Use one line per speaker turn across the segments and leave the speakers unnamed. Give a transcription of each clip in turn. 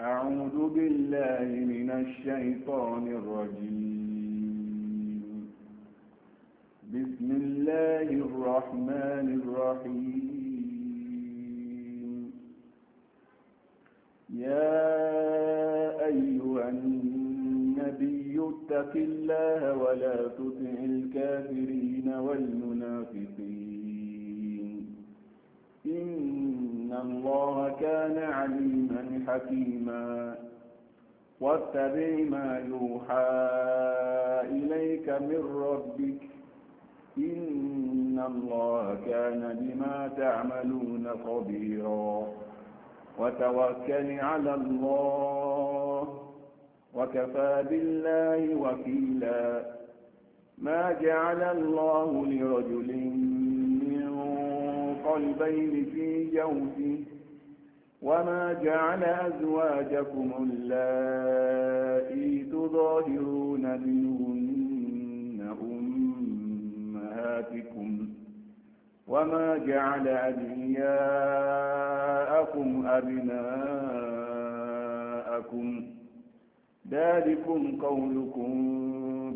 أعوذ بالله من الشيطان الرجيم بسم الله الرحمن الرحيم يا أيها النبي اتق الله ولا تطع الكافرين والمنافقين إن الله كان عليما حكيما واتبع ما يوحى إليك من ربك إن الله كان بما تعملون خبيرا وتوكل على الله وكفى بالله وكيلا ما جعل الله لرجل الكلبين في جوفه وما جعل أزواجكم اللائي تظاهرون منهن أمهاتكم وما جعل أدعياءكم أبناءكم ذلكم قولكم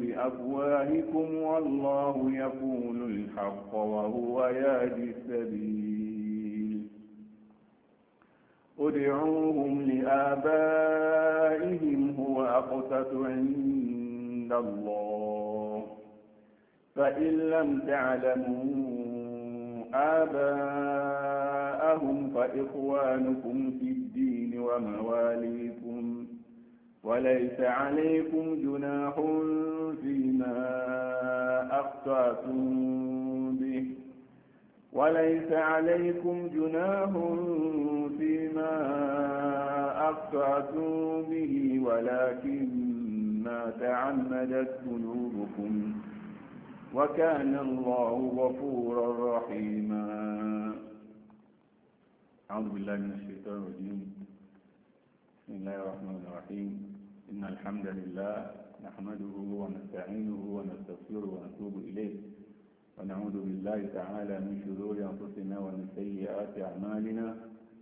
بأفواهكم والله يقول الحق وهو يهدي السبيل ادعوهم لآبائهم هو أقسط عند الله فإن لم تعلموا آباءهم فإخوانكم في الدين ومواليكم وليس عليكم جناح تَمَتَّعْتُم بِهِ وليس عليكم جناه فيما أخطأتم به ولكن ما تعمدت قلوبكم وكان الله غفورا رحيما أعوذ بالله من الشيطان الرجيم بسم الله الرحمن الرحيم إن الحمد لله نحمده ونستعينه ونستغفره ونتوب إليه ونعوذ بالله تعالى من شرور أنفسنا ومن سيئات أعمالنا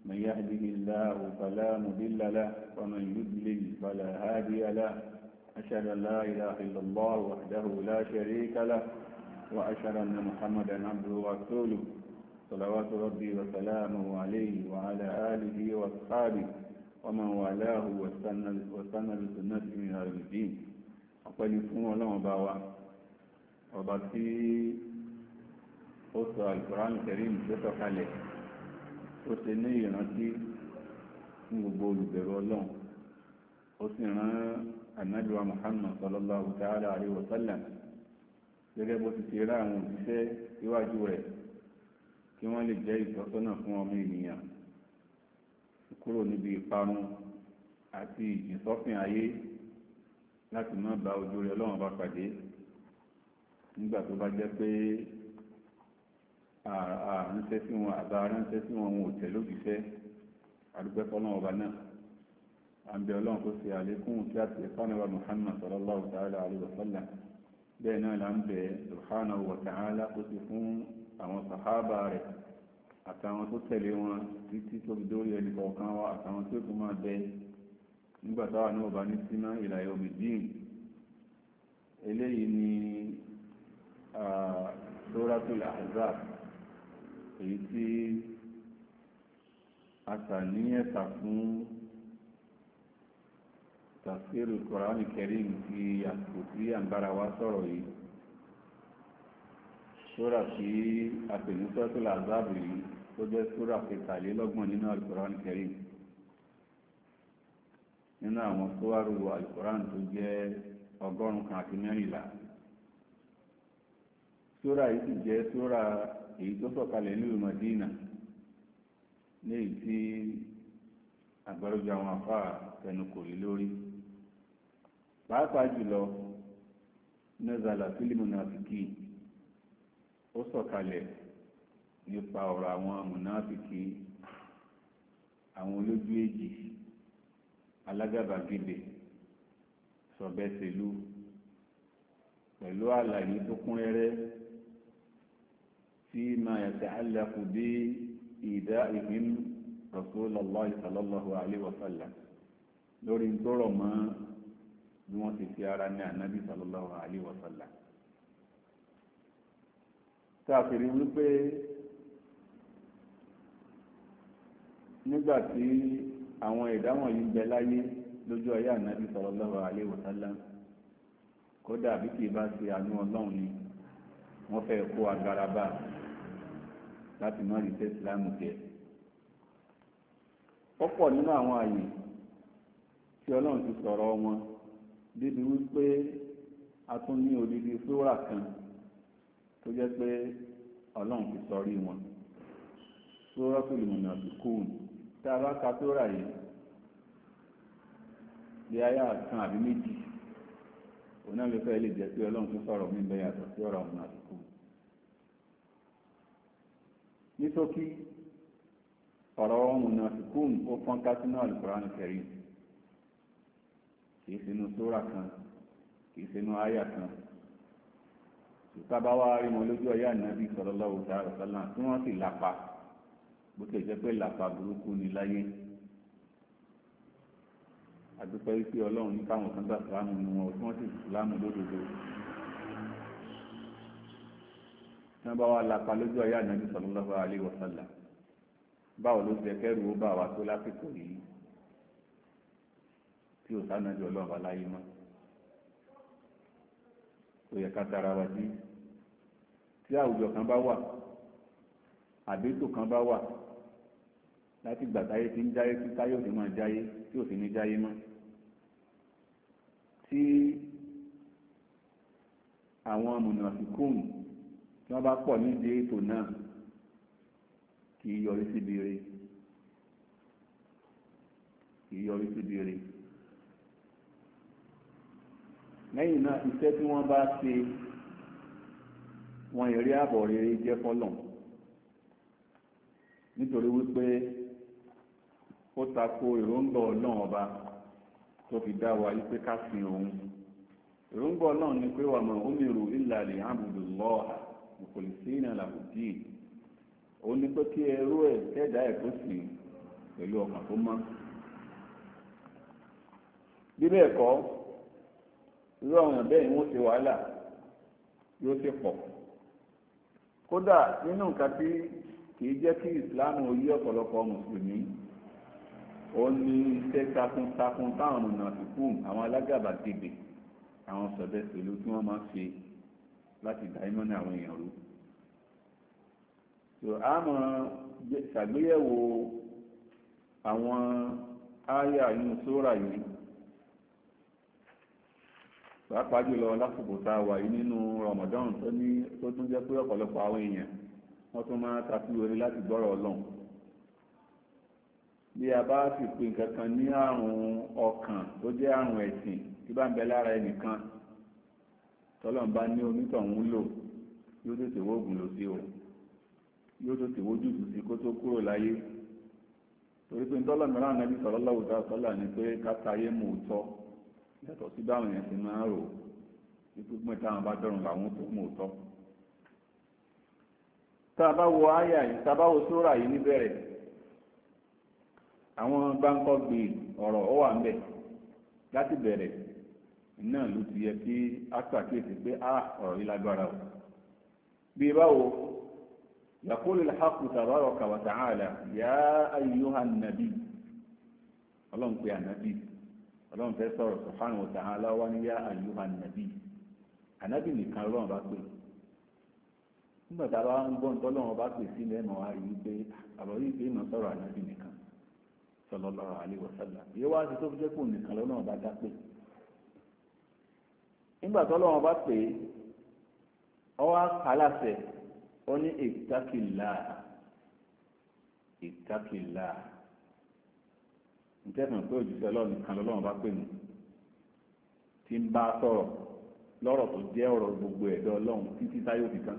من يهده الله فلا مضل له ومن يضلل فلا هادي له أشهد أن لا إله إلا الله وحده لا شريك له وأشهد أن محمدا عبده ورسوله صلوات ربي وسلامه عليه وعلى آله وأصحابه ومن والاه واستنى بسنته من الدين ọpẹ́ ni fún ọlọ́run bá wa ọba tí ó sọ alìkùránì kẹrìm tó sọ̀kalẹ̀ ó ṣe ní ìrántí fún gbogbo olùbẹ̀rù ọlọ́run ó sì rán anábìwa muhammad sallallahu ta'ala alayhi wa sallam gẹ́gẹ́ bó ti ṣe rá àwọn òṣìṣẹ́ iwájú rẹ̀ kí wọ́n lè jẹ́ ìtọ́sọ́nà fún ọmọ ènìyàn kúrò níbi ìparun àti ìjìnsọ́fìn ayé láti má ba ojú rẹ̀ lọ́wọ́n bá pàdé nígbà tó bá jẹ́ pé àránṣẹ́ sí wọn àbá aránṣẹ́ sí wọn wọn ò tẹ̀ lójúṣẹ́ àdúgbẹ́ fọ́lọ́wọ́n ọba náà àbẹ̀ ọlọ́run kó ṣe àlékún kí a ti Muhammad sallallahu ta'ala alaihi bẹ́ẹ̀ náà là ń bẹ̀ subhanahu wa kó ṣe fún àwọn sàhábà rẹ̀ àtàwọn tó tẹ̀lé wọn títí tó fi dórí ẹnì kọ̀ọ̀kan wa àtàwọn tó fi máa bẹ́ẹ̀ nígbàtàwà ní ọba ní síná ìlàyé omi dín eléyìí ni suratul ahzab èyí tí a sà ní ẹ̀sà fún tafsiru kọ̀ránì karim ti àsìkò tí à ń bára wa sọ̀rọ̀ yìí sóra tí àpèjúsọ́tò làzáàbù yìí tó jẹ́ sóra kẹtàlélọ́gbọ̀n nínú àlùkọ̀ránì karim nínú àwọn tó wá rú alukoran tó jẹ́ ọgọ́rùn-ún kan àti mẹ́rìnlá sóra yìí sì jẹ́ sóra èyí tó sọ̀kalẹ̀ nílùú Madina ní èyí tí àgbàlójú àwọn afáà tẹnu kò rí lórí pàápàá jùlọ nẹ́zàlà fílímù nàfìkì ó sọ̀kalẹ̀ nípa ọ̀rọ̀ àwọn amúnáfìkì àwọn olójú èjì alágàbàgebè sọ̀bẹ́sẹ̀lú pẹ̀lú àlàyé tó kún rẹ́rẹ́ tí ma yàtẹ̀ alákù bí ìdá ìhìn rọ̀sọ́lọ́lọ́ ìsàlọ́lọ́hù aléwọ̀sálà lórí tọ́rọ̀ mọ́ bí wọ́n ti fi ara ní ànábì ìsàlọ́lọ́hù aléwọ̀sálà táàfìrí wípé nígbà tí àwọn ẹ̀dá wọ̀nyí ń bẹ láyé lójú ayé ànábì sallallahu alaihi wasallam kódà bí kì í bá ṣe àánú ọlọ́run ni wọ́n fẹ́ kó agbára bá láti má rí tẹ́sílámù jẹ. pọ́pọ̀ nínú àwọn àyè tí ọlọ́run ti sọ̀rọ̀ wọn débi wípé a tún ní odidi flora kan tó jẹ́ pé ọlọ́run ti sọrí wọn. suratul munafiqun tá a bá ka tóra yìí bí ayé àtàn àbí méjì òun náà lè fẹ́ lè jẹ́ pé ọlọ́run tó sọ̀rọ̀ mí bẹ́ẹ̀ yàtọ̀ sí ọ̀rọ̀ ọ̀hún àdìkú ní ṣókí ọ̀rọ̀ ọ̀hún àdìkú ó fọ́n ká sínú àlùkòrán kẹrin kì í sínú tóra kan kì í sínú ayà kan ìtàbáwá rí wọn lójú ọyá ìnábì sallallahu ta'ala sallam tí wọ́n sì lápa bó tẹ̀ jẹ́ pé làpá burúkú ni láyé àdúpẹ́ wípé ọlọ́run ní káwọn kan gbà sílámù ni wọn tí wọ́n sì sílámù lódodo tí wọ́n bá wá làpá lójú ayé ànábì sallallahu alaihi wasallam báwo ló jẹ kẹrù ó bá wa tó lásìkò yìí tí ò sánájú ọlọ́run bá láyé mọ́ ó yẹ ká tara wa sí tí àwùjọ kan bá wà àbẹ́tò kan bá wà láti gbà táyé ti ń jáyé tí táyé ò sì máa jáyé tí ò sì ní jáyé mọ́ tí àwọn amùnàfikún tí wọ́n bá pọ̀ nídìí ètò náà kì í yọrí síbi rẹ̀ kì í yọrí síbi rẹ̀ lẹ́yìn náà iṣẹ́ tí wọ́n bá ṣe wọn ìrí ààbọ̀ rere jẹ́ fọ́lọ́n nítorí wípé ó tako èròǹgbà ọlọ́run ọba tó fi dá wa wípé ká sin òun èròǹgbà ọlọ́run ni pé wàmọ̀ umiru illa liya'budullaha mukhlisina lahud-din òun ni pé kí ẹrú ẹ̀ kẹ́dà ẹ̀ tó sìn pẹ̀lú ọkàn tó mọ́ bí bẹ́ẹ̀ kọ́ irú àwọn èèyàn bẹ́ẹ̀ ni wọ́n ṣe wàhálà yóò ṣe pọ̀ kódà nínú nǹkan tí kìí jẹ́ kí ìsìláàmù oyé ọ̀pọ̀lọpọ̀ mùsùlùmí ó ní iṣẹ́ takuntakun táwọn ọ̀nà àfikún àwọn alágàbàgebè àwọn sọ̀dẹ̀ pẹ̀lú tí wọ́n máa ń ṣe láti dáímọ́nì àwọn èèyàn rú. tó a mọ̀ ṣàgbéyẹ̀wò àwọn ááyà inú sóra yìí pàápàá jùlọ lásìkò tá a wà yìí nínú Ramadan tó ní tó tún jẹ́ pé ọ̀pọ̀lọpọ̀ àwọn èèyàn wọ́n tún máa tàfíwèrè láti gbọ́rọ̀ ọlọ́run bí a bá sì pè nǹkankan ní àrùn ọkàn tó jẹ́ àrùn ẹ̀sìn tí bá ń bẹ lára ẹnìkan tọ́lọ́n bá ní onítọ̀hún lò yóò tètè wóògùn lò sí o yóò tètè wójútùú sí kó tó kúrò láyé torí pé tọ́lọ́n mìíràn náà bí sọ̀rọ̀lọ́wọ́ tá a sọ́là ni pé kátàyé mò ń tọ́ yàtọ̀ sí báwọn yẹn ti máa ń rò ó ní gbogbo táwọn bá dọ̀rùn làwọn tó mò tọ́. tàbá wo àyà yìí tàbá wo sóra yìí níbẹ̀rẹ̀ àwọn gbáǹkọ́ gbé ọ̀rọ̀ ó ń bẹ̀ láti bẹ̀rẹ̀ náà ló ti yẹ kí a ṣàkíyèsí pé a ọ̀rọ̀ yìí lágbára o bí báwo ya ayyuhan nabi ọlọ́run pé ànábì ọlọ́run fẹ́ sọ̀rọ̀ subhanahu wa ta'ala wá ní ya ayyuhan nabi ànábì nìkan ọlọ́run bá pè é nígbà tá a bá ń gbọ́ nǹkan lọ́wọ́ bá pè sí lẹ́nu wa yìí àbọ̀ yìí pé ìmọ̀ sọ̀rọ̀ ànábì nìkan sallallahu alaihi wasallam yìí wá sí tó fi jẹ́ kó nìkan lọ́nà bá dá pé nígbà tó lọ́wọ́ bá pè ọ wá kálàsẹ̀ ọ ní ìtàkìlá ìtàkìlá ntẹ́sán pé òjúṣe ọlọ́run nìkan lọ́wọ́ bá pè mí tí ń bá sọ̀rọ̀ lọ́rọ̀ tó jẹ́ ọ̀rọ̀ gbogbo ẹ̀dọ́ ọlọ́run títí táyọ̀ fi kan.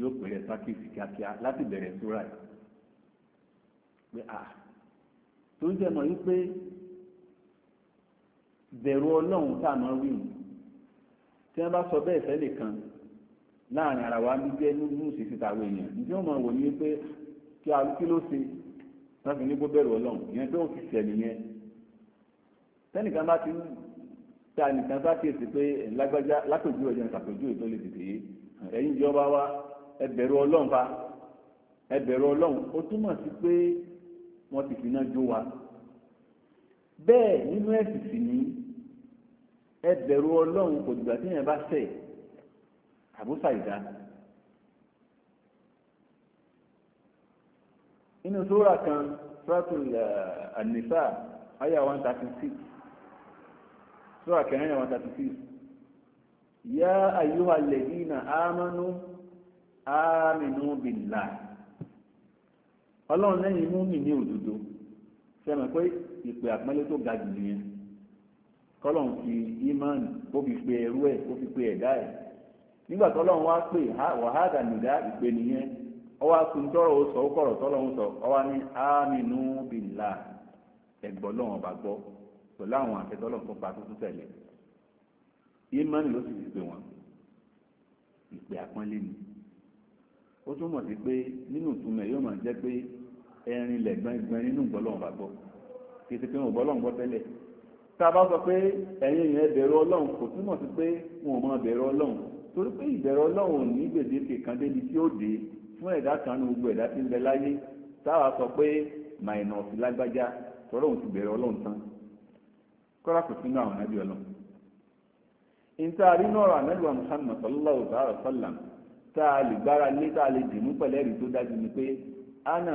yóò pẹ̀lẹ́ pákíyèsí kíákíá láti bẹ̀rẹ̀ súra yìí pé à tó ń jẹ́ mọ́ yí pé bẹ̀rù ọlọ́run tá a máa wí mu tí wọ́n bá sọ bẹ́ẹ̀ fẹ́lẹ̀ kan láàrin ara wa gbígbẹ́ nínú ìṣesí tàwọn èèyàn ǹjẹ́ wọ́n máa wò ní pé kí a kí ló ṣe wọ́n fi ní kó bẹ̀rù ọlọ́run ìyẹn pé ó ti ṣẹ̀ nìyẹn tẹ́nìkan bá ti ń ta nìkan bá kíyèsí pé lágbájá látòjú ẹ̀jẹ̀ nìkàtòjú ètò lè tètè yé ẹ̀yìn ìjọba wa ẹ bẹ̀rù ọlọ́run fa ẹ bẹ̀rù ọlọ́run ó túmọ̀ sí pé wọ́n ti finá jó wa bẹ́ẹ̀ nínú ẹ̀sìn sì ní ẹ bẹ̀rù ọlọ́run kò dìgbà tí yẹn bá ṣẹ̀ àbúṣà ìdá nínú sóra kan suratul eh, anisa aya one thirty six sóra kẹrin aya one thirty six yá ayúhà lẹ́yìn náà ámánú ámìnú bìlà ọlọ́run lẹ́yìn mú mi ní òdodo fẹ́mi pé ìpè àpọ́nlé tó ga jù nìyẹn kọ́lọ́n fi ìmánì ó fi pe ẹrú ẹ̀ ó fi pe ẹ̀dá ẹ̀ nígbà tọ́lọ́run wá pè wàhálà nìdá ìpè nìyẹn ọwọ́ akuntọ́rọ̀ ó sọ ó kọ̀rọ̀ tọ́lọ́run sọ ọwọ́ ní ámìnú bìlà ẹ̀gbọ́n lọ́wọ́n bá gbọ́ pẹ̀lú àwọn àfẹ́tọ́lọ́run tó pa tó tún tẹ̀lé ìmánì ló sì fi pè wọ́n ìpè àpọ́nlé nìyẹn ó túmọ̀ sí pé nínú ìtumọ̀ yóò máa jẹ́ pé ẹrin lẹ̀ gbẹ̀ngbẹ̀ nínú ìgbọ́lọ́wọ́n bá gbọ́ kì í ṣe pé wọn ò gbọ́lọ́wọ́n gbọ́ tẹ́lẹ̀ tá a bá sọ pé ẹ̀yin yẹn bẹ̀rù ọlọ́run kò túmọ̀ sí pé wọn ò máa bẹ̀rù ọlọ́run torí pé ìbẹ̀rù ọlọ́run ò ní gbèdéke kan débi tí ó dé fún ẹ̀dá kan ní gbogbo ẹ̀dá tí ń bẹ láyé táwa sọ pé màìnà ọ̀sìn lágbájá tọ́rọ̀ òun ti bẹ̀rù ọlọ́run tán kọ́ra kò sínú àwọn ẹbí ọlọ́run. ìta àrínú ọ̀rọ̀ tá a lè gbára lé tá a lè dì mú pẹ̀lẹ́rì tó dájú ni pé ana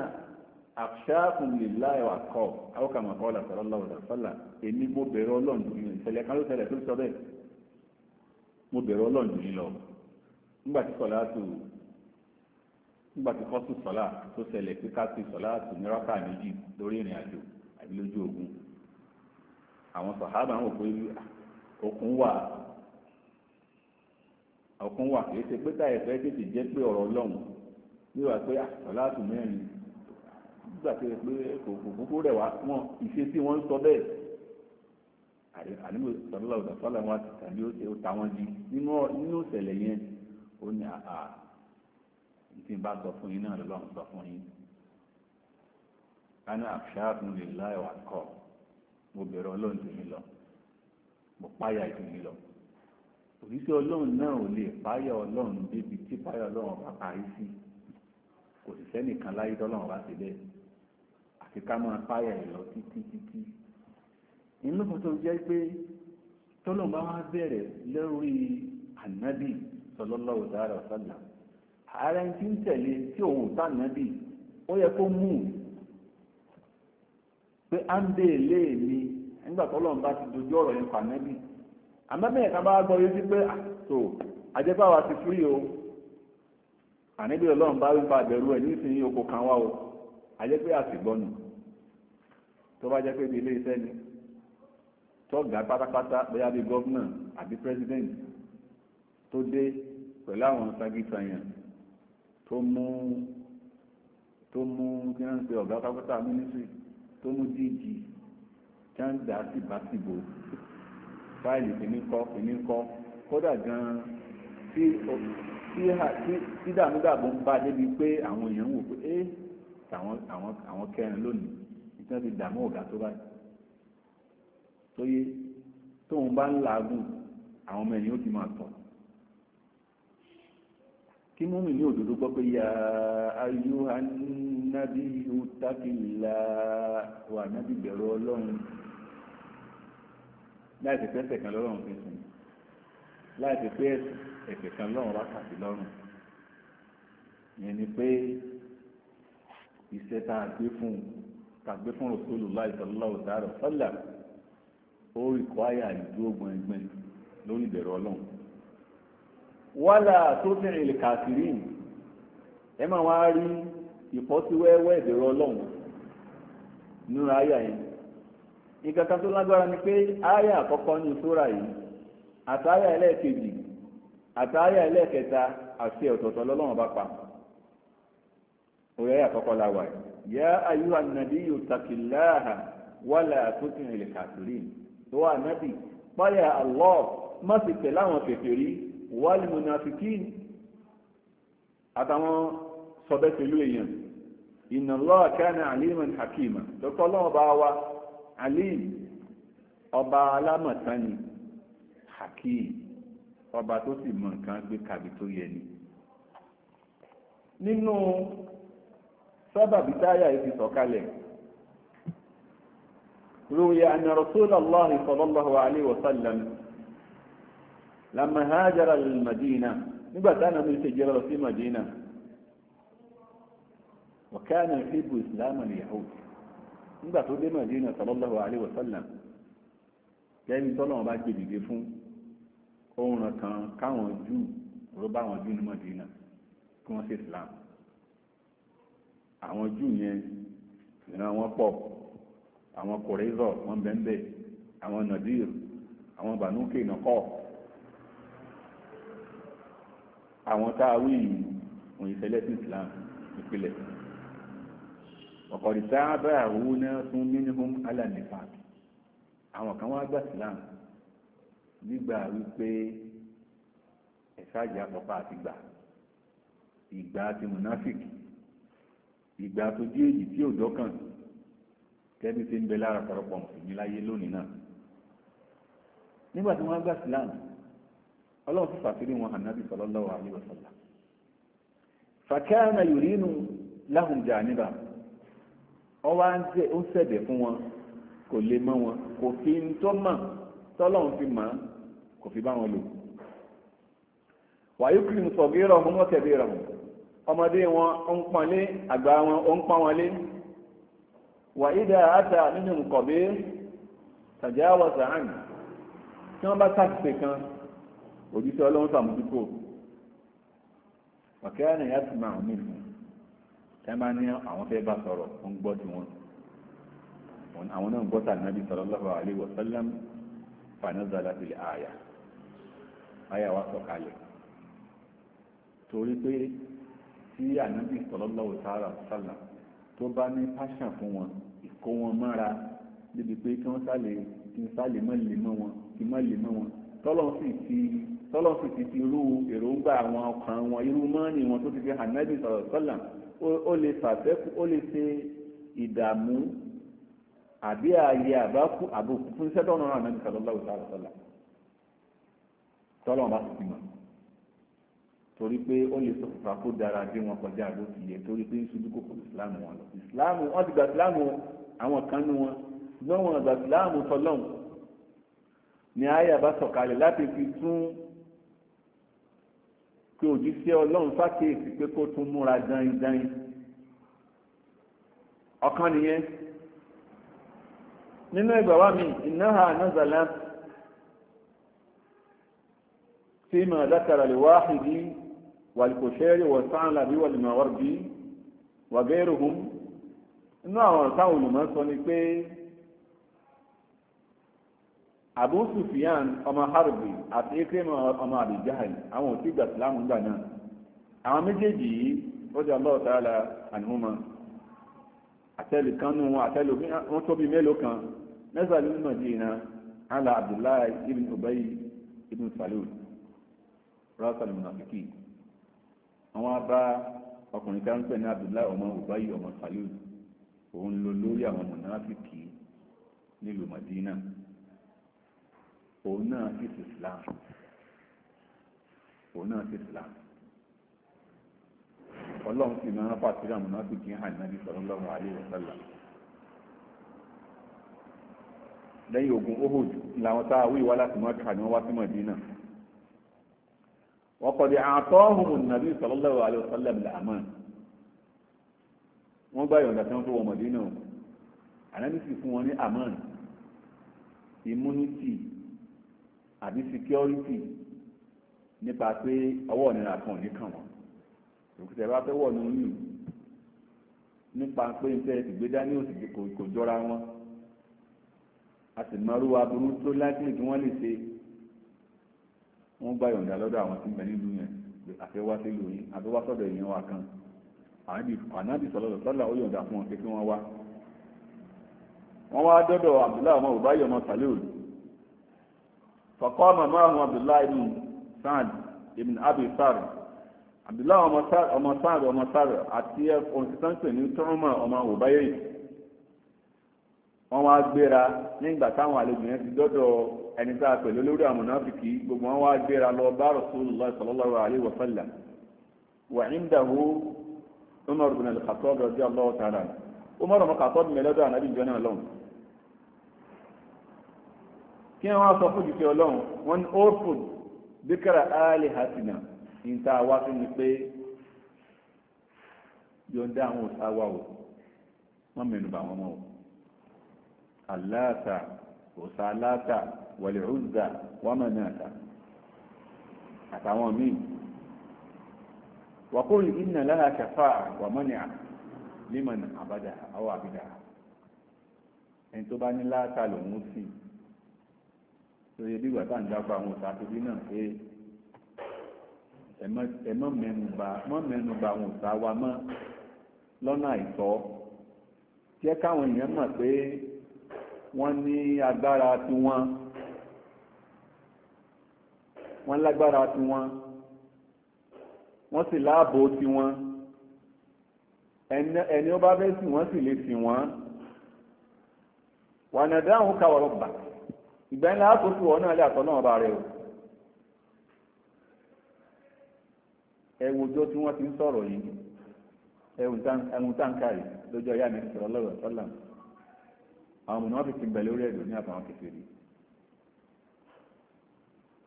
àṣàkùn lè láyọ̀ àkọ́ àwòkàmọ̀ kọ́ ọ̀là sọ̀rọ̀ lọ́wọ́ sọ̀là èmi mo bẹ̀rẹ̀ ọlọ́run jù yín ìṣẹ̀lẹ̀ kan ló ṣẹlẹ̀ tó sọ bẹ́ẹ̀ mo bẹ̀rẹ̀ ọlọ́run jù yín lọ nígbà tí sọ̀lá tó nígbà tí kọ́sù sọ̀lá tó ṣẹlẹ̀ pé ká sí sọ̀lá tó ní rákà méjì lórí ìrìn àjò àbí lójú ogun àwọn sàhábà ń wò pé ah, okùn wà ọ̀kan wà kìí ṣe pé táyà fẹ́ tètè jẹ́ pé ọ̀rọ̀ ọlọ́run níwà pé àtọ̀láàtù mẹ́rin nígbà tó yẹ pé kò kúkú rẹ̀ wá wọn ìṣesí wọn ń sọ bẹ́ẹ̀ àníwò sọlọ́lá ọ̀dà sọ́lá wọn tàbí ó ta wọn di nínú ìṣẹ̀lẹ̀ yẹn ó ní àà tí n bá sọ fún yín náà lọ́wọ́ sọ fún yín ana àfṣáàfún lè láyọ̀ àkọ́ mo bẹ̀rẹ̀ ọlọ́run tèmi lọ mo páyà ìtòmí lọ òṣìṣẹ́ ọlọ́run náà ò lè páyà ọlọ́run débi tí páyà ọlọ́run bá parí sí kò sì sẹ́nìkan láyé tọ́lọ́run bá ti bẹ́ẹ̀ àti ká máa páyà ẹ̀ lọ títí títí inú kan tó jẹ́ pé tọ́lọ́run bá wá bẹ̀rẹ̀ lórí ànábì sallallahu ta'ala wa sallam ààrẹ tí ń tẹ̀lé tí òun ò tànábì ó yẹ kó mú pé á ń béèlé mi nígbà tọ́lọ́run bá ti dojú ọ̀rọ̀ yẹn pa ànábì àmọ́ bẹ́ẹ̀ ká bá gbọ́ yé sí pé tó àjẹpá wa ti fúrí o àníbi ọlọ́run bá wípa àbẹ̀rù ẹ̀ nísìnyí oko kan wá o àjẹpẹ́ àtìgbọ́nù tó bá jẹ́ pé ibi ilé iṣẹ́ ni tọ́gà pátápátá bóyá bíi gọ́vnà àbí pírẹ́sidẹ́ǹtì tó dé pẹ̀lú àwọn sagitayàn tó mú tó mú kí wọ́n ń pe ọ̀gá pátápátá mínísírì tó mú díìdì kí wọ́n ń dà á sì bá sì bò ó fáìlì kìíní kọ́ kìíní kọ́ kódà gan-an tí tí dàmúdàbò ń bá débi pé àwọn èèyàn ń wò pé ẹ́ àwọn kẹrin lónìí tí wọ́n ti dààmú ọ̀gá tó báyìí tó yé tóun bá ń làágùn àwọn ọmọ ẹ̀yìn ó ti máa tọ̀ kí múmi ní òdodo gbọ́ pé ya ayú anábíyú tákìlá wà nábì bẹ̀rù ọlọ́run láì fi pẹ́sẹ̀ kan lọ́rùn fi sùn láì fi pé ẹ̀sẹ̀ kan lọ́rùn wákàtí lọ́rùn yẹn ni pé iṣẹ́ tá a gbé fún tá a gbé fún rọ̀sọ́lù láì sọ́lá ọ̀dàrọ̀ sọ́là ó rí kwaya ìdúró gbọ̀ngbọ̀n lórí ìbẹ̀rù ọlọ́run wálà tó tẹ̀rìn lè kàkiri ẹ máa wá rí ìfọ́síwẹ́wẹ́ ìbẹ̀rù ọlọ́run nínú ayà yẹn ìkankan tó lágbára ni pé ááyà àkọ́kọ́ ní ìṣúra yìí àtàáyà ẹlẹ́ẹ̀kejì àtàáyà ẹlẹ́ẹ̀kẹta àti ọ̀tọ̀ọ̀tọ̀ lọ́lọ́run bá pa òye ááyà àkọ́kọ́ la wà yá ayúwa nàbí yòtàkìláàhà wàlà àtúntìn ilẹ̀ kàtìrín tó wà nábì páyà Allah má sì tẹ̀lé àwọn kèfèrí wàlì mùnàfíkìn àtàwọn sọ̀bẹ́sẹ̀lú èèyàn inna Allah kana aliman hakima tó alim ọba alámọ̀tán ni hakim ọba tó sì mọ̀ nǹkan gbé kàbí tó yẹ ni nínú sábàbí táyà yìí ti sọ̀kalẹ̀ روي أن رسول الله صلى الله عليه وسلم لما هاجر المدينة نبت أنا من تجرى في مدينة وكان يحب إسلام اليهود nígbà tó dé Mádínà sallallahu alaihi wasallam lẹ́yìn tọ́lọ́ wọn bá gbé dìde fún ohun ràn kan káwọn jù ló bá wọn jù ní Mádínà kí wọ́n ṣe Islam àwọn jù yẹn ìran wọn pọ̀ àwọn kòrèzọ̀ wọn bẹ́ńbẹ́ àwọn Nadir àwọn bànúkè nàkọ́ àwọn táwí òyìnbó Islam ìpìlẹ̀ ọ̀kọ̀rì sáábà àwòrán tún minhum alànìfà àwọn kan wá gbà sílámù nígbà wípé ẹ̀sáàjì àpọ̀pá àti gbà ìgbà ti munafik ìgbà tó dé èyí tí ò dọ́kàn kẹ́bí ti ń bẹ lára pọ̀rọ̀pọ̀ mùsùlùmí láyé lónìí náà nígbà tí wọ́n gbà sílámù ọlọ́run ti fàṣírí wọn ànábì sallallahu alaihi wasallam fàkẹ́ àmà yòrínú láhùn jà níbà ọwọ́ ń sẹ̀dẹ̀ fún wọn kò lè mọ́ wọn kò fi ń tọ́ mọ̀ tọ́lọ́run fi mọ̀ kò fi bá wọn lò wàyí kìrìm sọ̀gí rọ̀ mọ́ tẹ̀lé rọ̀ ọmọdé wọn ń pọ́nlé àgbà wọn ó ń pọ́n wọn lé wàyí dá àtà nínú nkọ̀bí tàjà wọ sàánì tí wọ́n bá sàkìsẹ̀ kan òjíṣẹ́ ọlọ́run sàmójúkò wàkẹ́ àná yá ti mí ẹ máa ní àwọn fẹ́ bá sọ̀rọ̀ ó ń gbọ́ tí wọn àwọn náà ń gbọ́ tàn nábì sallallahu alaihi wa sallam fa nazalat al àyà àyà wa sọ̀ kalẹ̀ torí pé tí ànábì sallallahu ta'ala sallam tó bá ní passion fún wọn ìkó wọn mọ́ra níbi pé kí wọ́n sálè kí n sálè mọ́ lè mọ́ wọn tọ́lọ́ sì ti fi irú èròǹgbà àwọn ọkàn wọn irú mọ́ọ̀nì o ó lè fàfẹ́kù ó lè ṣe ìdààmú àbí ààyè àbákú àbòkù fún iṣẹ́ tọ́nà náà nàbí sallallahu ta'ala sallam tọ́lọ̀ bá ti mọ̀ torí pé ó lè sọ̀fà kó dára bí wọn kọjá àbó ti yẹ torí pé ń ṣojú kòkò ìsìláàmù wọn lọ ìsìláàmù wọn ti gba ìsìláàmù àwọn kan nú wọn ṣùgbọ́n wọn gba ìsìláàmù tọ́lọ́hùn ni ààyè àbá sọ̀kalẹ̀ láti fi tún pé òjíṣẹ́ ọlọ́run sákèèsí pé kó tún múra dain dain ọ̀kan nìyẹn nínú ìgbàwá mi ìnáhà nazala tí mà dákàrà lè wáhìdí wàlìkòṣẹ́rì wọ̀sánlábí wàlìmọ̀wọ́rbí wàgẹ́rùhùn inú àwọn ọ̀táwọn olùmọ̀ sọ ni pé Abu Sufyan ọmọ Harbi àti Ikrima ọmọ Abi Jahl àwọn òtí ìgbà sílámù ńgbà náà àwọn méjèèjì yìí ó jẹ́ Allah ta'ala àníwọ̀n àtẹ́lì kan nù wọn àtẹ́lì wọn tóbi mélòó kan mẹ́sàn-án nínú Madina ala Abdullahi ibn Ubay ibn Salul rasul munafiki àwọn abá ọkùnrin kan pè ní Abdullahi ọmọ Ubay ọmọ Salul òun ló lórí àwọn munafiki nílùú Madina òun náà sí islam òun náà sí islam ọlọ́run sì máa ń pàṣẹ àwọn náà sì kí hàn náà sallallahu alaihi wasallam lẹ́yìn ogun ohud làwọn tá a wí wá láti Mákà ni wọ́n wá sí Mádínà wọ́n kọ́ di àtọ́hùn nàbí sallallahu alaihi wasallam wọ́n gbá yọ̀ǹda tí wọ́n tó wọ Mádínà ànábì sì fún wọn ní aman immunity àbí security nípa pé ọwọ́ ìnira kan ò ní kàn wọ́n òkúta ẹ bá fẹ́ wọ̀ lórí nípa pé ń fẹ́ ìgbéda ní òsì kò jọra wọn a sì mọrú aburú tó lágbègbè kí wọ́n lè ṣe wọ́n gba ìyọ̀ǹda lọ́dọ̀ àwọn tí ń bẹ nílùú yẹn àfẹ́wá sílùú yín àfẹ́wá sọ́dọ̀ ìyẹn wa kan ànábì sọ̀lọ́dọ̀ sọ́là ó yọ̀ǹda fún wọn pé kí wọ́n wá wọ́n wá dọ́dọ̀ Abdullahi ọmọ òbáyọ̀ ọmọ sàlẹ́òlù فقام معه عبد الله بن سعد بن أبي سعد عبد الله ọmọ sáàd ọmọ sáàd àti ọ̀sítánṣẹ́ ní tọ́rọ̀mọ̀ ọmọ òbáyé wọ́n wá gbéra nígbà táwọn àlejò yẹn ti dọ́dọ̀ ẹni tá a pẹ̀lú lórí àwọn gbogbo wọn wá gbéra lọ bá Rasulullah sallallahu alaihi wa sallam wa indahu Umar ibn al-Khattab radiyallahu ta'ala Umar ibn al-Khattab mẹ́lẹ́dọ̀ ànábì jọ lọ́wọ́ kí wọ́n sọ fún jùkẹ́ ọlọ́run wọ́n ní orfud bíkẹ́rà áàlì hàtìnà níta wá sí ni pé yọ̀ǹda àwọn òsáwà o wọ́n mẹ́nu bà wọ́n mọ́ o aláàtà òsà aláàtà wàlẹ̀ òzà wàmánàtà àtàwọn míì wàkúrì iná lára kẹfà wàmánìà límọ̀ àbádà àwọn àbídà ẹni tó bá ní láàtà lòún sìn lóye bí ìgbà tá à ń dákọ àwọn òṣàkébí náà pé ẹ mọ́ mẹ́nu bà àwọn òṣà wa mọ́ lọ́nà àìtọ́ jẹ́ káwọn èèyàn mọ̀ pé wọ́n ní agbára tiwọn wọ́n lágbára tiwọn wọ́n sì láàbò tiwọn ẹni ó bá fẹ́ sìn wọ́n sì lè sìn wọ́n wà nàdáhùn káwọ́rọ̀ bàtà ìgbà ńlá tó fi wọ́n náà lé àtọ́ náà bá rẹ̀ o ẹwùjọ tí wọ́n ti ń sọ̀rọ̀ yìí ẹwùn táǹkàrí lójú ọyá mi sọ̀rọ̀ lọ́rọ̀ sọ́là àwọn ọmọ náà fi ti bẹ̀ lórí ẹ̀dọ̀ ní àbáwọn kékeré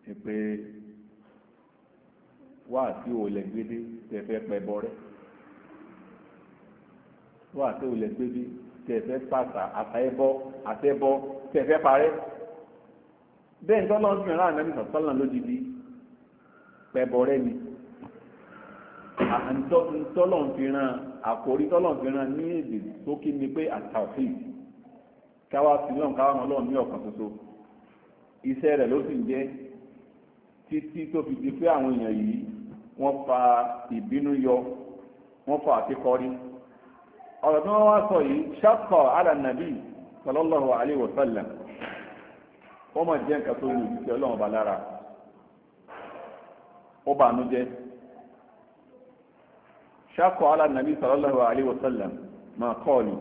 ni pé wá àti òòlẹ̀ gbédé tẹ̀fẹ́ pẹ̀ bọ́rẹ́ wá àti òòlẹ̀ gbédé tẹ̀fẹ́ pàtà àtẹ́bọ́ tẹ̀fẹ́ parẹ́. bẹ́ẹ̀ tó lọ́n fìràn láàrin mẹ́rin sọ̀tọ́lá lójijì pẹ̀bọ̀ rẹ ni tọ́lọ̀ ń àkórí tọ́lọ̀ ń ní èdè tó kí ni pé àtàwọ̀fì káwá sí lọ́n káwá wọn lọ́n ní ọ̀kan ṣoṣo iṣẹ́ rẹ̀ ló sì ń jẹ́ títí tó fi di pé àwọn èèyàn yìí wọ́n fa ìbínú yọ wọ́n fa àtikọ́rí ọ̀rọ̀ tí wọ́n wá sọ yìí ṣàkọ̀ àlànàbí sallallahu alaihi wa wọ́n mọ̀ jẹ́ nǹkan tó ní ìdíkẹ́ ọlọ́run ọba lára ó bà nú jẹ́ ṣákọ̀ alánàbí sallallahu alaihi wasallam máa kọ́ ni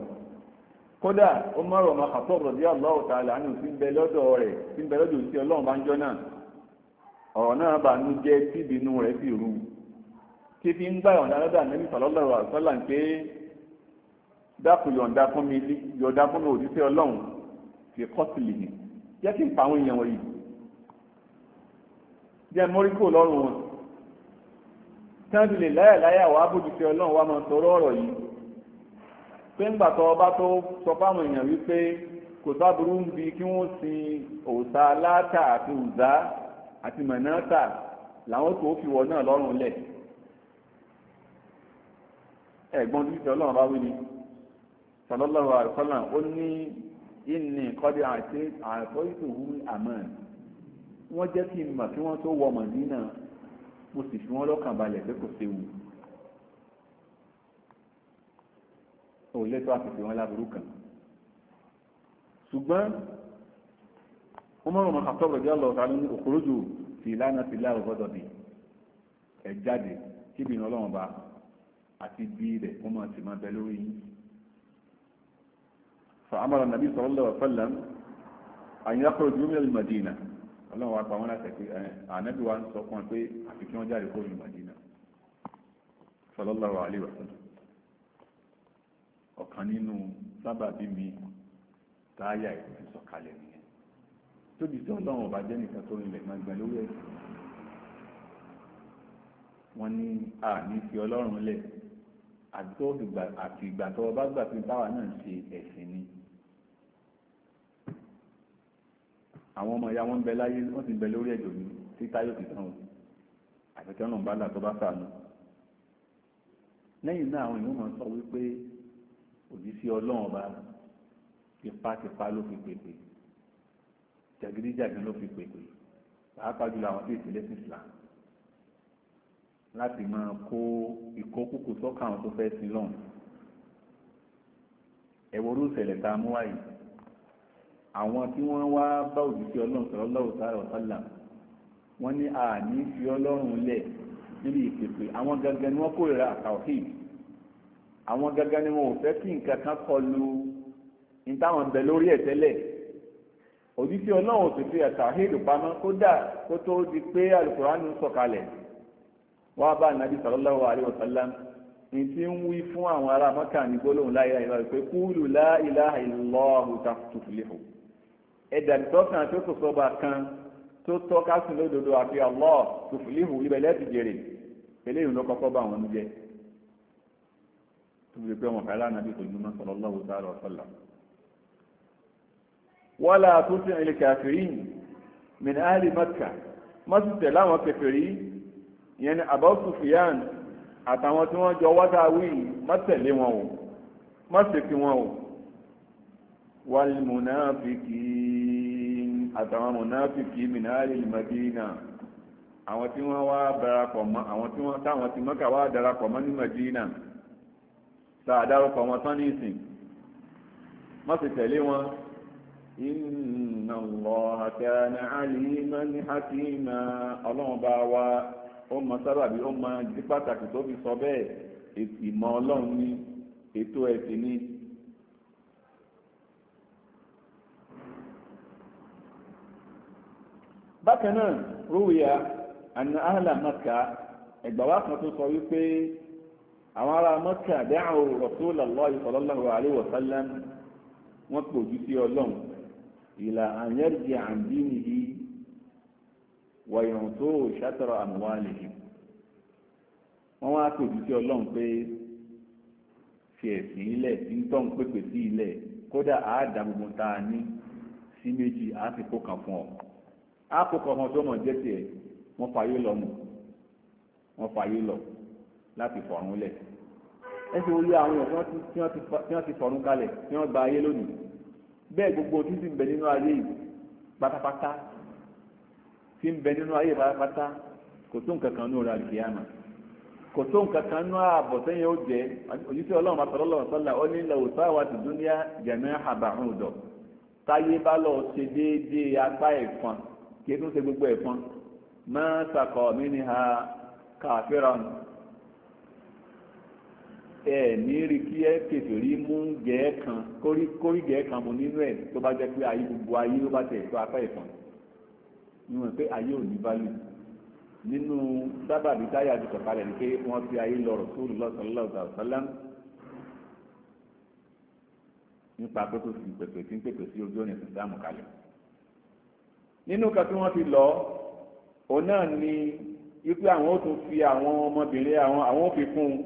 kódà ó mọ̀rọ̀ ọmọ Khattab radiyallahu ta'ala anhu sí ń bẹ lọ́dọ̀ rẹ̀ sí ń bẹ lọ́dọ̀ sí ọlọ́run bá ń jọ́ náà ọ̀rọ̀ náà bà nú jẹ́ tí ìbínú rẹ̀ sì rú tí fi ń gbà yọ̀ǹda lọ́dọ̀ ànábì sallallahu alaihi wasallam pé dákùn yọ̀ǹda fún mi òjíṣẹ́ ọlọ́run fi kọ́sìlì yìí jẹ́ kí n pa àwọn èèyàn wọ̀nyí jẹ́ mọ́ríkò lọ́rùn wọn tí wọ́n ti lè láyàláyà wà bójútì ọlọ́run wa máa sọ̀rọ̀ ọ̀rọ̀ yìí pé ńgbà tó ọba tó sọ fáwọn èèyàn wípé kò sábúrú ń bi kí wọ́n sin òòṣà látà àti ùzá àti mọ̀nàtà làwọn tó fi wọ náà lọ́rùn lẹ̀ ẹ̀gbọ́n tó ti sọ ọlọ́run bá wí ni sọlọ́lọ́run àrùkọ́là ó ní ìní kọ́dí àti àìkọ́ ìtòwú àmọ́n wọ́n jẹ́ kí n mọ̀ kí wọ́n tó wọ mọ̀dínà mo sì fi wọ́n lọ́kàn balẹ̀ pé kò séwu ò lẹ́tọ́ àfìsí wọn láburú kan ṣùgbọ́n wọ́n mọ̀ràn mọ̀ àtọ́ rẹ̀ jọ́lọ̀ ọ̀tá ní òkúròjò sí ìlànà sí ìlà ọ̀gọ́dọ̀ bì ẹ̀ jáde kíbi ìrànlọ́wọ́n ba àti bí rẹ̀ wọ́n mọ̀ sí máa bẹ lórí yín. فأمر النبي صلى الله عليه وسلم أن يخرجوا من المدينة ọlọ́run wa pa wọn láti ẹ̀kẹ́ ànábì wa ń sọ fún wọn pé àfi kí wọ́n jáde kó ní Madina sallallahu alaihi wasallam ọ̀kan nínú sábàbí mi táyà ìròyìn sọ̀kalẹ̀ nìyẹn tóbi tí ọlọ́run ọba jẹ́ nìkan tó rinlẹ̀ máa gbẹ lórí ẹ̀sìn wọn ní a ní fi ọlọ́run lẹ̀ àti ìgbà tó ọba gbà pé báwa náà ń ṣe ẹ̀sìn ni. àwọn ọmọ ìyá wọn ń bẹ láyé wọ́n ti bẹ lórí ẹ̀jọ̀ ní tí táyọ̀ ti tán o àtẹ̀tẹ̀ ọ̀nà bá là tó bá sànù lẹ́yìn náà àwọn ìwọ̀n máa ń sọ wípé òjíṣẹ́ ọlọ́run ọba tipátipá ló fi pèpè jàgídíjàgan ló fi pèpè pàápàá jùlọ àwọn tí ìpínlẹ̀ sí Islam láti máa kó ìkókùkù sọ́kà àwọn tó fẹ́ sí lọ́hùn ẹ̀wọ̀n orúṣẹ̀lẹ̀ tá a mú wáyìí àwọn tí wọ́n wá bá òjíṣẹ́ ọlọ́run sallallahu alaihi wasallam wọ́n ní àní fi ọlọ́run lẹ̀ níbi ìpèpè àwọn gangan ni wọ́n kórìíra àtàwọ̀hìn àwọn gangan ni wọn ò fẹ́ kí nǹkan kan kọlu ní táwọn bẹ lórí ẹ̀ tẹ́lẹ̀ òjíṣẹ́ ọlọ́run ò sì fi àtàwọ̀hìn pamọ́ kódà kó tó di pé alukurani sọ̀kalẹ̀ wọ́n bá nàbí sallallahu ní tí ń wí fún àwọn ará mọ́kà ní gbólóhùn la ilaha illallah pé kúlù la ilaha illallah tuflihu ẹ̀dàgbọ́kàn tó kò sọ́ba kan tó tọ́ka sí lódodo àfi Allah tòfìlíhù ibẹ̀ lẹ́ẹ̀tì jèrè eléyìí ló kọ́kọ́ bá wọn jẹ tó fi pé ọmọ kàlá nàbí kò jùmọ̀ sallallahu ta'ala wa sallam. wala tuti'il kafirin min ahli Makkah mọ́sí tẹ̀lé àwọn kèfèrí ìyẹn ni Abu Sufyan àtàwọn tí wọ́n jọ wáta wíì mọ́tẹ̀lé wọn o mọ́sẹ̀kí wọn o wal munafiqin àtàwọn mùnáfìkì mìnàlì Madina àwọn tí wọ́n wá darapọ̀ mọ́ àwọn tí wọ́n táwọn ti mọ́kà wá darapọ̀ mọ́ ní Madina sàdárúkọ wọn tán ní ìsìn wọ́n sì tẹ̀lé wọn inna Allaha kana aliman hakima ọlọ́run bá wa ó mọ sábàbí ó mọ ìdí pàtàkì tó fi sọ bẹ́ẹ̀ ìmọ̀ ọlọ́run ní bákan náà rúwìyà àna àhàlà maka ẹgbàwá kan tó sọ wípé àwọn ará maka dáhùn Rasulullahi sallallahu alaihi wasallam wọ́n pè ojú sí ọlọ́run ìlà àyẹ̀rìjì àǹdínì yìí wọ̀nyàn tó ṣàtọ̀rọ̀ àmúwálì yìí wọ́n wá pè ojú sí ọlọ́run pé fi ẹ̀sìn ilẹ̀ tí ń tọ́ ń pèpè sí ilẹ̀ kódà àádágbogbo ní sí méjì á sì kó kan fún ọ àkókò ọmọ tó mọ̀ jẹ́ tiẹ̀ wọ́n fàyè lọ mọ̀ wọ́n fàyè lọ láti fọ̀run lẹ̀ ẹsẹ̀ orí àwọn èèyàn tí wọ́n ti fọ̀run kalẹ̀ tí wọ́n gba ayé lónìí bẹ́ẹ̀ gbogbo tí ti ń bẹ nínú ayé yìí pátápátá tí ń bẹ nínú ayé pátápátá kò tó nǹkan kan ní ọ̀rọ̀ àlùkìyàmà kò tó nǹkan kan ní ààbọ̀ sẹ́yìn ó jẹ́ òjíṣẹ́ ọlọ́run àtọ́lọ́lọ́run sọ́là ó ní lọ́wọ́ sáwà ti dúnìá jẹ̀mẹ́ àbàrùn ọ̀dọ̀ táyé bá lọ ṣe déédéé apá ẹ̀fọn kí tó ṣe gbogbo ẹ̀fọn máa sàkọ̀ mí ni ha kàfíra nù ẹ ní rí kí ẹ kèsì rí mú gẹ̀ẹ́ kan kórí gẹ̀ẹ́ kan mu nínú ẹ̀ tó bá jẹ́ pé ayé gbogbo ayé ló bá tẹ̀ tó apá ẹ̀fọn níwọ̀n pé ayé ò ní value nínú sábàbí táyà ti sọ̀kalẹ̀ ni pé wọ́n fi ayé lọ rọ̀súlù lọ́sọ̀lọ́sọ̀ nípa pé kò sí pèpè tí ń pèpè sí ojú ọ̀nà ìsìlámù kalẹ̀ nínú kan tí wọ́n fi lọ òun náà ni wípé àwọn ó tún fi àwọn ọmọbìnrin àwọn àwọn ó fi kún un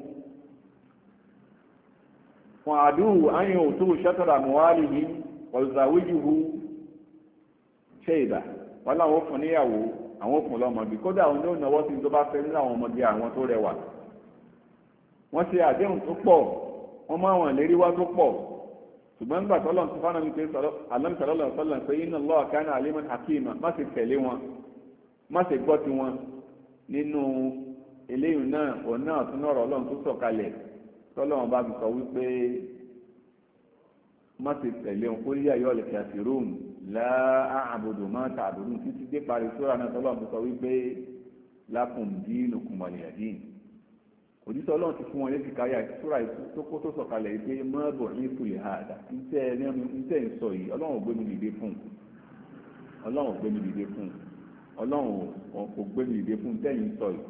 fún àdúrù ayé òtú ṣẹ́tọ̀rà mùwárì ní ọ̀zàwíjúhu ṣe ìdà wọ́n láwọn ó fún níyàwó àwọn òkùn lọ́mọbí kódà àwọn oníhùn náwó sí tó bá fẹ́ nínú àwọn ọmọdé àwọn tó rẹwà wọ́n ṣe àdéhùn tó pọ̀ wọ́n mú àwọn ìlérí wá tó pọ̀ ṣùgbọ́n nígbà tó lọ́n tó fánà mi pé àlọ́mìtàlọ́lọ́ sọ́lọ́n pé iná lọ́wọ́ kánà aliman hakima má sì tẹ̀lé wọn má sì gbọ́ ti wọn nínú eléyìí náà òun náà tún náà rọ̀ ọlọ́run tó sọ̀kalẹ̀ tọ́lọ́run bá fi sọ wípé má sì tẹ̀lé wọn kó yí ayọ́ lè fi àfi róòmù láà àbòdò má ta àbòdò títí dé parí sóra náà tọ́lọ́run fi sọ wípé lákùn dín lòkùnmọ̀lẹ̀ dín òjíṣẹ́ ọlọ́run ti fún wọn létí káyà ìtura ìtókó tó sọ̀kalẹ̀ yìí pé mọ́ọ̀bọ̀ ní ìfúlẹ̀ àdá iṣẹ́ ẹlẹ́nu iṣẹ́ ìsọ yìí ọlọ́run ò gbé mi dìde fún ọlọ́run ò gbé mi dìde fún ọlọ́run ò gbé mi dìde fún tẹ́yìn sọ yìí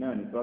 náà ní sọ́